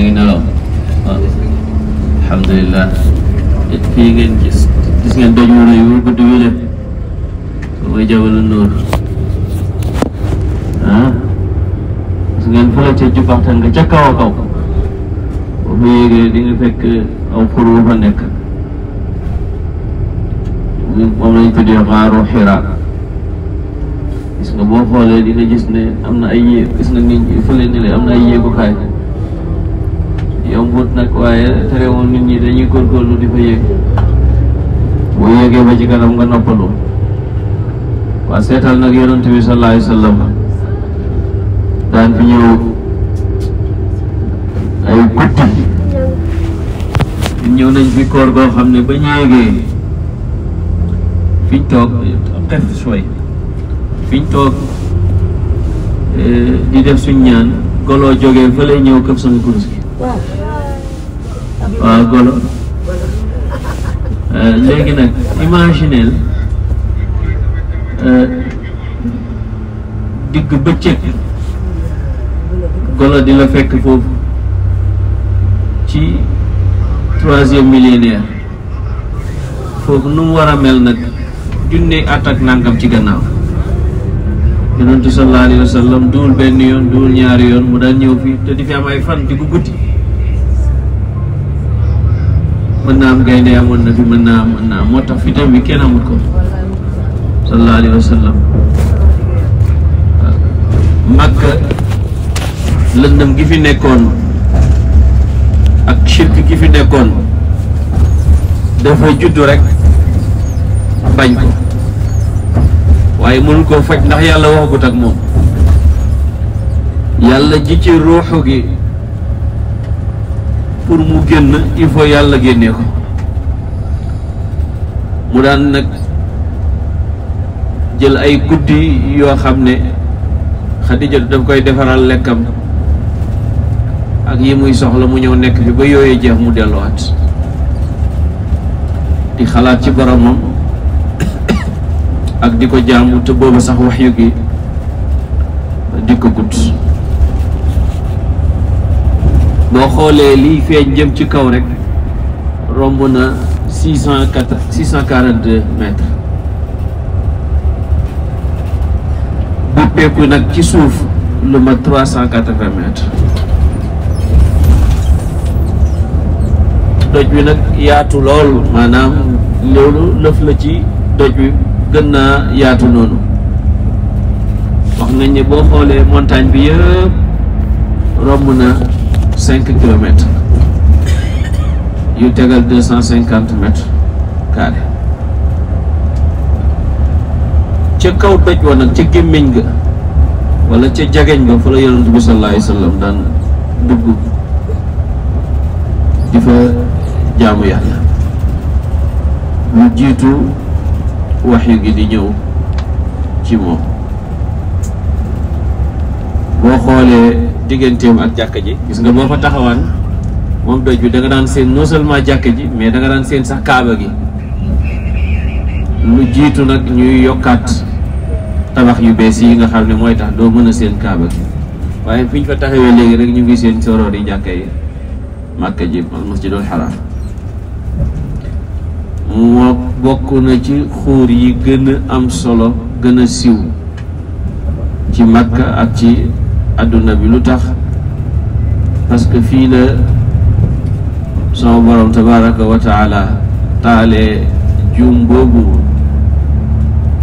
da ngay nelaw alhamdulilah fii ngeen gis gis ngeen doj wu rëy wu wile mooy jabalu nuur ah gis ngeen fële ci jubaxtan nga ca kaw a kaw boo fa yéegee fekk aw xur wu fa nekk moom lañ tuddee xaaru boo xoolee di gis ne am na ay yéeg gis nga ni fële am na ay yéegukaay yombut nag waaye terewul nit ñi dañuy góorgóorlu di fa yéeg boo yéegee ba ci kanam nga noppalu waa seetal nag yonent bi sallallahu alayhi wa daan fi ñëw ay guddi ñëw nañ fi koor goo xam ne ba ñu yéegee fiñ toog xef sooy fiñ toog eh, di def suñ ñaan goloo jógee fa lay ñëw këpp sama kurus waaw golo euh, léegi nag imagineel euh, digg bëccëg golo di la fekk foofu ci troisième millénaire foofu nu mu war a mel nag junne at ak ci gannaaw yonentu sallallahu alayhi wa sallam duul benn yoon duul ñaari yoon mu daal ñëw fii te di fi am ay fan di ko guddi mën naa am gaynde amoon na fi mën naa am moo tax fi tam kenn amul ko sallallahu alayhi wa sallam lëndëm gi fi nekkoon ak shirk gi fi nekkoon dafa juddu rek bañ ko waaye mënul koo faj ndax yàlla waxagut ak moom yàlla ji ci ruuxu gi pour mu génn il faut yàlla génne ko mu daan nag jël ay guddi yoo xam ne Xadija daf koy defaral lekkam ak yi muy soxla mu ñëw nekk fi ba yooyee jeex mu delluwaat di xalaat ci boromam ak di ko jaamu te boobu sax wax yu gi di ko gudd boo xoolee lii feeñ jëm ci kaw rek romb na six cent quatre six cent quarante deux mètres bu pekku nag ci suuf lu ma trois cent quatre vingt doj bi nag yaatu lool maanaam loolu lëf la ci doj wi gën naa yaatu noonu wax nañ ne boo xoolee montagne bi yëpp romb na cinq kilomètres yu tegal deux cent ca kaw doj wa nag ca gémmiñ ga wala ca jageñ ga fa la yonent bi sallallahu alayhi daan dugg di fa jaamu yàlla lu jiitu waxyu gi di ñëw ci moom boo xoolee digganteem ak jàkka ji gis nga boo fa taxawaan moom doj bi da daan seen non seulement jàkka ji mais da daan seen sax kaaba gi lu jiitu nag ñuy yokkaat tabax yu bees yi nga xam ne mooy tax doo mën a seen kaaba gi waaye fi ñu fa taxawee léegi rek ñu ngi seen soroor yi jàkka yi ji al masjidul xaraam moo bokk na ci xuur yi gën a am solo gën a siw ci màkka ak ci adduna bi lu tax parce que fii la sama borom tabaraka wa taala taalee juum boobu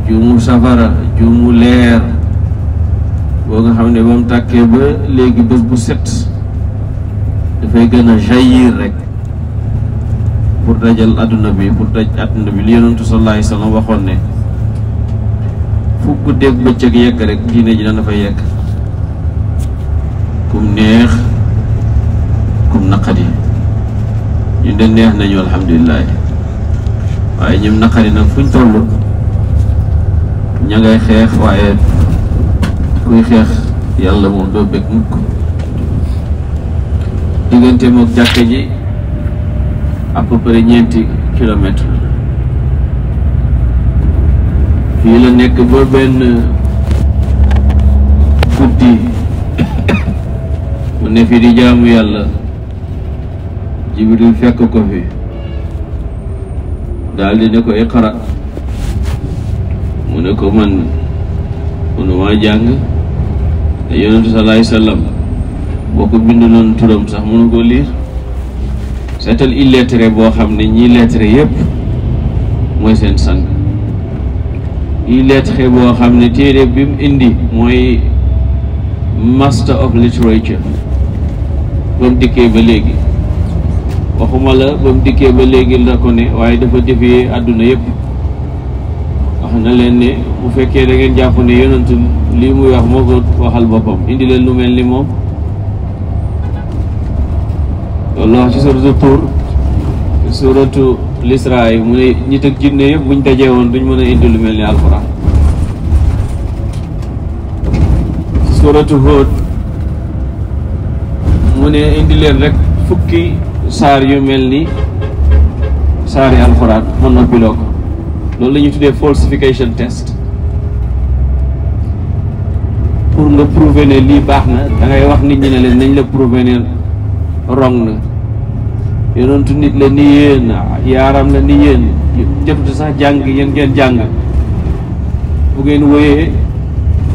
juumu safara juumu leer boo nga xam ne ba mu tàkkee ba léegi bés bu set dafay gën a jaillir rek pour dajal adduna bi pour daj adduna bi li yonentu sallallahu alayhi wa waxoon ne fu guddeeg bëccëg yekk rek diine ji dana fay yekk kum neex kum naqari ñu de neex nañu alhamdulilah waaye ñoom naqari nag fuñ toll ña ngay xeex waaye kuy xeex yàlla moom doo bëgg mukk diggante mook jàkka ji à peu ñeenti kilomètre fii la nekk ba benn guddi ne fi di jaamu yàlla jibril fekk ko fi daldi ne ko iqra mu ne ko man mënuma jàng te yonentu salaay sallam boo ko bind noonu turam sax mënu ko liir seetal illettré boo xam ne ñii lettré yépp mooy seen sang illettré boo xam ne téere bi mu indi mooy master of literature ba mu dikkee ba léegi waxuma la ba mu dikkee ba léegi la ko ne waaye dafa jëfee àdduna yëpp wax na leen ne bu fekkee da ngeen jàpp ne yonent lii muy wax moo ko waxal boppam indi leen lu mel ni moom loolu wax ci suratu tur suratu lisra yi mu ne nit ak jinne yëpp buñ dajee woon duñ mën a indi lu mel ni alxuraan suratu Hud mu ne indi leen rek fukki saar yu mel ni saar yi alxuraan man noppiloo ko loolu la tuddee falsification test pour nga prouver lii baax na da wax nit ñi ne leen nañ la prouver ne wrong na yonentu nit la ni yéen yaaram la ni yéen jëftu sax jàng yéen ngeen jàng bu ngeen wéyee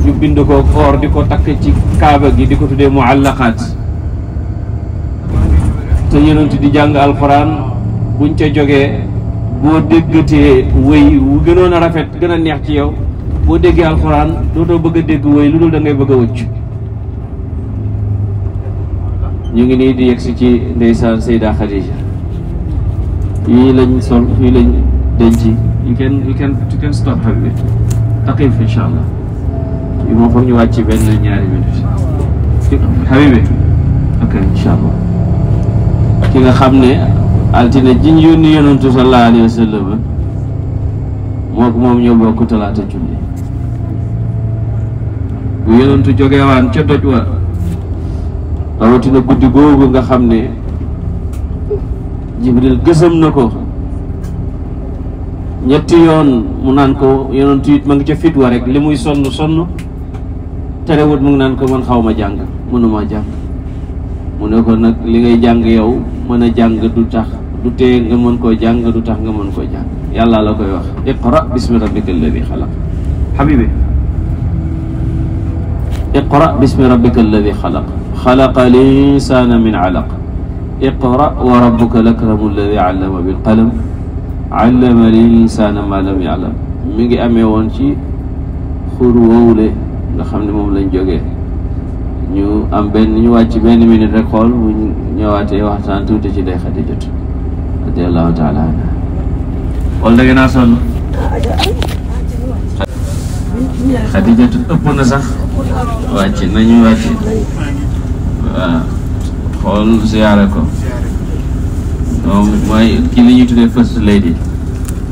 ñu bind ko koor di ko takk ci kaaba gi di ko tuddee muallaqaat te yonent di jàng alxuraan buñ ca jogee boo déggatee wëy wu gënoon a rafet gën a neex ci yow boo déggee alxuraan dootoo bëgg a dégg wëy lu dul da bëgg a wëcc ñu ngi nii di yegsi ci ndeysaan Seyda Khadija yii lañ sol yii lañ denc you can you can stop xam ne taqif incha allah yi moom foog ñu wàcc benn ñaari minute Habibi ok incha allah ki nga xam ne altine jiñ yónni yonantu sallallahu alayhi wa sallam mook moom ñoo bokk talaata julli bu yonantu jógewaan ca doj wa rawatina guddi googu nga xam ne jibril gësam na ko ñetti yoon mu naan ko yonantu it ngi ca fit wa rek li muy sonn sonn terewut mu ngi naan ko man xaw ma jàng mënuma jàng mu ne ko nag li ngay jàng yow mën a jàng du tax du tee nga mën koo jàng du tax nga mën koo jàng yàlla la koy wax iqra bismi rabbika alladi xalaq habibi iqra bismi rabbika alladi xalaq xalaqa al insana min alaq iqra wa rabbuka al akramu alladi allama bil qalam allama al insana ma lam yaalam mi ngi amee woon ci xur wowle nga xam ne moom lañ jógee ñu am benn ñu wàcc benn minute rek xool bu ñëwaatee waxtaan tuuti ci day xadi jot radiallahu taala anha wala da ngeen a ëpp na sax wàcc nañu wàcc waaw xool ziyaare ko moom mooy ki li ñuy tuddee first lady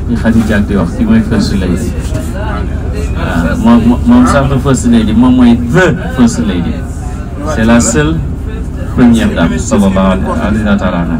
ñu xadija di wax ki mooy first lady waaw moom sax na first lady moom mooy the first lady C'est la seule première dame, sallallahu alayhi wa sallam.